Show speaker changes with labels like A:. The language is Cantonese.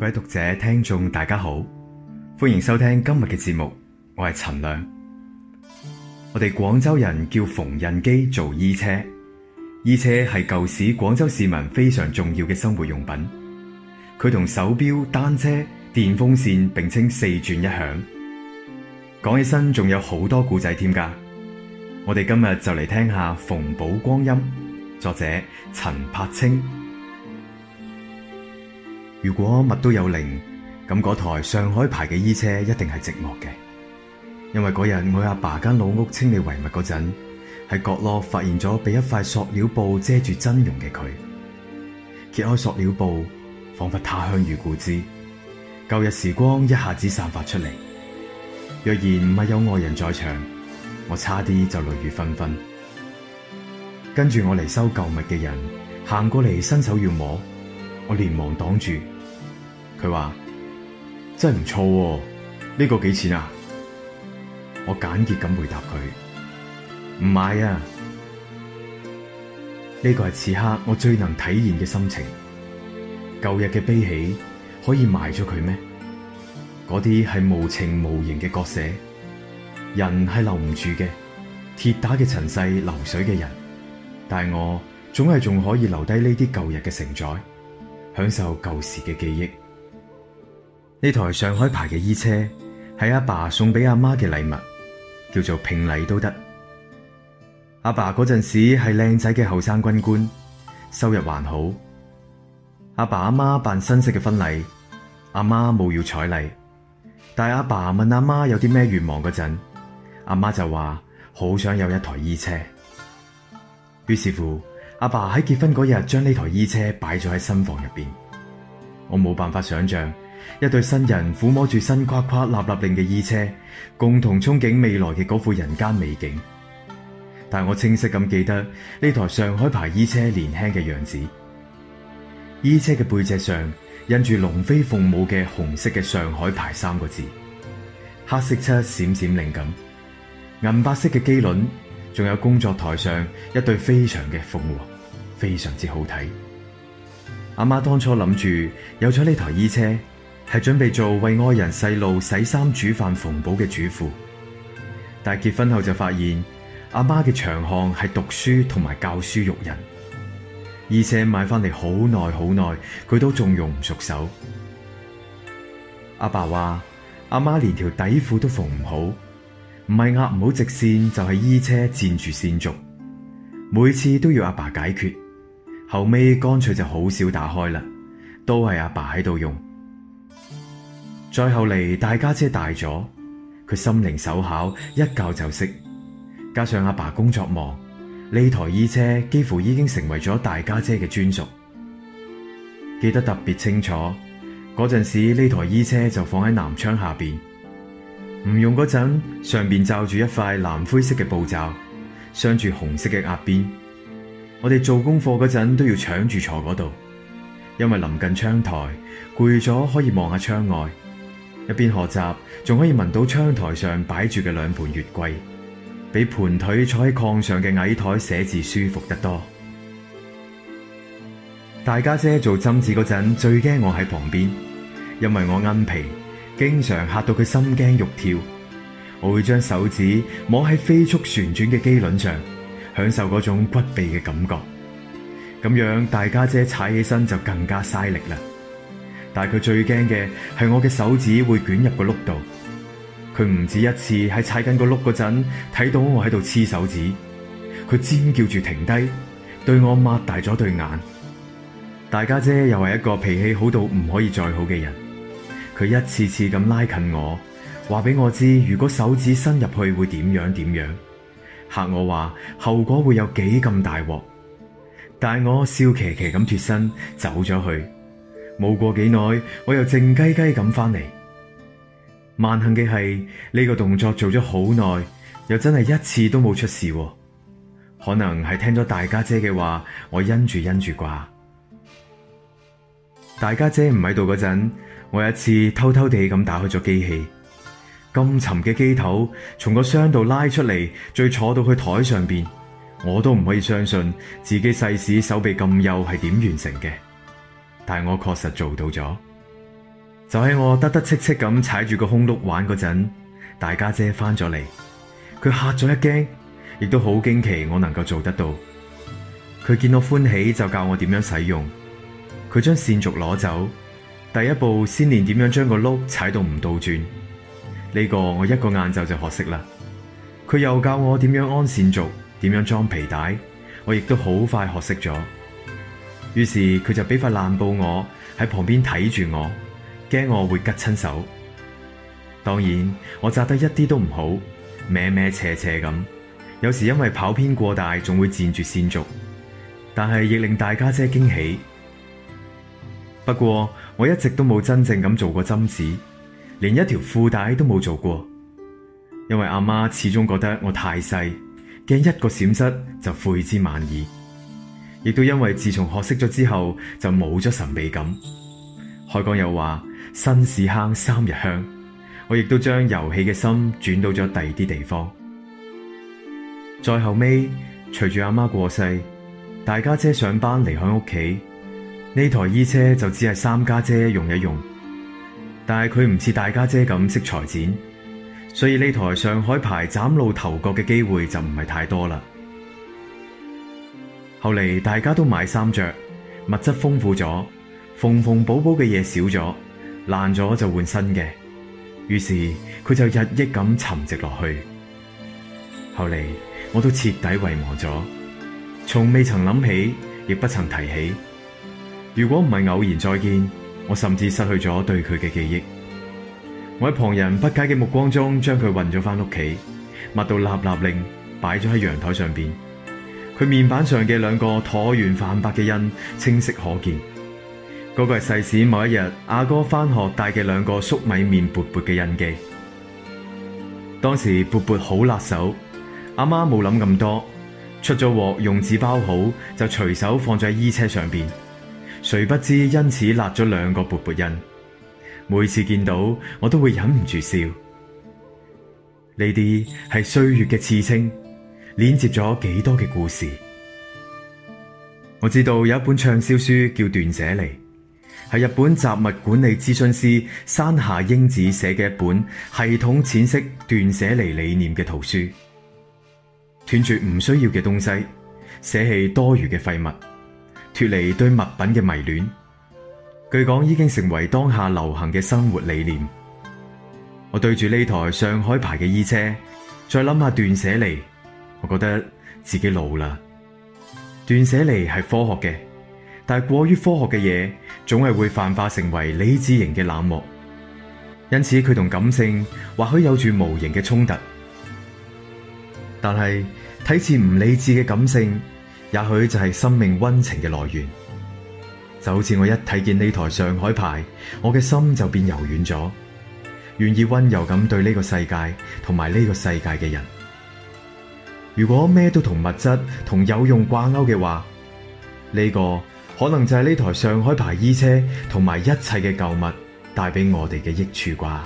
A: 各位讀者、聽眾大家好，歡迎收聽今日嘅節目，我係陳亮。我哋廣州人叫縫紉機做衣車，衣車係舊時廣州市民非常重要嘅生活用品，佢同手錶、單車、電風扇並稱四轉一響。講起身仲有好多古仔添噶，我哋今日就嚟聽下《縫補光陰》，作者陳柏清。如果物都有靈，咁嗰台上海牌嘅衣車一定係寂寞嘅，因為嗰日我阿爸間老屋清理遺物嗰陣，喺角落發現咗被一塊塑料布遮住真容嘅佢，揭開塑料布，仿佛他鄉遇故知，舊日時光一下子散發出嚟。若然唔係有外人在場，我差啲就淚雨紛紛。跟住我嚟收舊物嘅人行過嚟，伸手要摸。我連忙擋住佢，話，真係唔錯，呢個幾錢啊？我簡潔咁回答佢，唔買啊。呢個係此刻我最能體現嘅心情。舊日嘅悲喜可以埋咗佢咩？嗰啲係無情無形嘅割捨，人係留唔住嘅，鐵打嘅塵世，流水嘅人，但係我總係仲可以留低呢啲舊日嘅承載。享受舊時嘅記憶。呢台上海牌嘅衣車係阿爸送俾阿媽嘅禮物，叫做聘禮都得。阿爸嗰陣時係靚仔嘅後生軍官，收入還好。阿爸阿媽辦新式嘅婚禮，阿媽冇要彩禮，但阿爸問阿媽有啲咩願望嗰陣，阿媽就話好想有一台衣車。於是乎。阿爸喺結婚嗰日將呢台衣車擺咗喺新房入邊，我冇辦法想象一對新人撫摸住新框框立立令嘅衣車，共同憧憬未來嘅嗰副人間美景。但我清晰咁記得呢台上海牌衣車年輕嘅樣子，衣車嘅背脊上印住龍飛鳳舞嘅紅色嘅上海牌三個字，黑色漆閃閃令咁，銀白色嘅機輪，仲有工作台上一對飛翔嘅鳳凰。非常之好睇。阿媽當初諗住有咗呢台衣車，係準備做為愛人細路洗衫煮飯縫補嘅主婦。但係結婚後就發現，阿媽嘅長項係讀書同埋教書育人，而且買翻嚟好耐好耐，佢都仲用唔熟手。阿爸話阿媽連條底褲都縫唔好，唔係壓唔好直線，就係衣車纏住線軸，每次都要阿爸解決。後尾乾脆就好少打開啦，都係阿爸喺度用。再後嚟大家姐大咗，佢心靈手巧，一教就識，加上阿爸工作忙，呢台衣車幾乎已經成為咗大家姐嘅專屬。記得特別清楚，嗰陣時呢台衣車就放喺南窗下邊，唔用嗰陣上邊罩住一塊藍灰色嘅布罩，鑲住紅色嘅壓邊。我哋做功課嗰陣都要搶住坐嗰度，因為臨近窗台，攰咗可以望下窗外，一邊學習仲可以聞到窗台上擺住嘅兩盆月桂，比盤腿坐喺炕上嘅矮台寫字舒服得多。大家姐做針子嗰陣最驚我喺旁邊，因為我奀皮，經常嚇到佢心驚肉跳。我會將手指摸喺飛速旋轉嘅機輪上。享受嗰種骨痹嘅感覺，咁樣大家姐踩起身就更加嘥力啦。但係佢最驚嘅係我嘅手指會捲入個碌度，佢唔止一次喺踩緊個碌嗰陣睇到我喺度黐手指，佢尖叫住停低，對我擘大咗對眼。大家姐又係一個脾氣好到唔可以再好嘅人，佢一次次咁拉近我，話俾我知如果手指伸入去會點樣點樣。吓我話後果會有幾咁大鑊，但係我笑騎騎咁脱身走咗去。冇過幾耐，我又靜雞雞咁翻嚟。萬幸嘅係呢個動作做咗好耐，又真係一次都冇出事。可能係聽咗大家姐嘅話，我因住因住啩。大家姐唔喺度嗰陣，我有一次偷偷地咁打開咗機器。咁沉嘅機頭從個箱度拉出嚟，再坐到去台上邊，我都唔可以相信自己細時手臂咁幼係點完成嘅，但我確實做到咗。就喺我得得戚戚咁踩住個空碌玩嗰陣，大家姐翻咗嚟，佢嚇咗一驚，亦都好驚奇我能夠做得到。佢見我歡喜就教我點樣使用，佢將線軸攞走，第一步先練點樣將個碌踩到唔倒轉。呢個我一個晏晝就學識啦，佢又教我點樣安線軸，點樣裝皮帶，我亦都好快學識咗。於是佢就俾塊爛布我，喺旁邊睇住我，驚我會吉親手。當然我紮得一啲都唔好，歪歪斜斜咁，有時因為跑偏過大，仲會纏住線軸，但係亦令大家姐驚喜。不過我一直都冇真正咁做過針子。連一條褲帶都冇做過，因為阿媽始終覺得我太細，驚一個閃失就悔之晚矣。亦都因為自從學識咗之後，就冇咗神秘感。開講又話新屎坑三日香，我亦都將遊戲嘅心轉到咗第二啲地方。再後尾，隨住阿媽過世，大家姐，姐上班離開屋企，呢台衣、e、車就只係三家姐，姐用一用。但係佢唔似大家姐咁識裁剪，所以呢台上海牌嶄露頭角嘅機會就唔係太多啦。後嚟大家都買衫着，物質豐富咗，縫縫補補嘅嘢少咗，爛咗就換新嘅。於是佢就日益咁沉寂落去。後嚟我都徹底遺忘咗，從未曾諗起，亦不曾提起。如果唔係偶然再見。我甚至失去咗對佢嘅記憶，我喺旁人不解嘅目光中，將佢運咗翻屋企，抹到立立令，擺咗喺陽台上邊。佢面板上嘅兩個橢圓泛白嘅印清晰可見，嗰個係細時某一日阿哥翻學帶嘅兩個粟米麵缽缽嘅印記，當時缽缽好辣手，阿媽冇諗咁多，出咗鑊用紙包好，就隨手放在衣車上面。誰不知因此立咗兩個勃勃印，每次見到我都會忍唔住笑。呢啲係歲月嘅刺青，連接咗幾多嘅故事。我知道有一本暢銷書叫《斷捨離》，係日本雜物管理諮詢師山下英子寫嘅一本系統淺釋《斷捨離》理念嘅圖書。斷絕唔需要嘅東西，捨棄多餘嘅廢物。脫離對物品嘅迷戀，據講已經成為當下流行嘅生活理念。我對住呢台上海牌嘅衣車，再諗下斷捨離，我覺得自己老啦。斷捨離係科學嘅，但係過於科學嘅嘢，總係會泛化成為理智型嘅冷漠。因此，佢同感性或許有住無形嘅衝突。但係睇似唔理智嘅感性。也許就係生命温情嘅來源，就好似我一睇見呢台上海牌，我嘅心就變柔軟咗，願意温柔咁對呢個世界同埋呢個世界嘅人。如果咩都同物質同有用掛鈎嘅話，呢個可能就係呢台上海牌衣車同埋一切嘅舊物帶俾我哋嘅益處啩。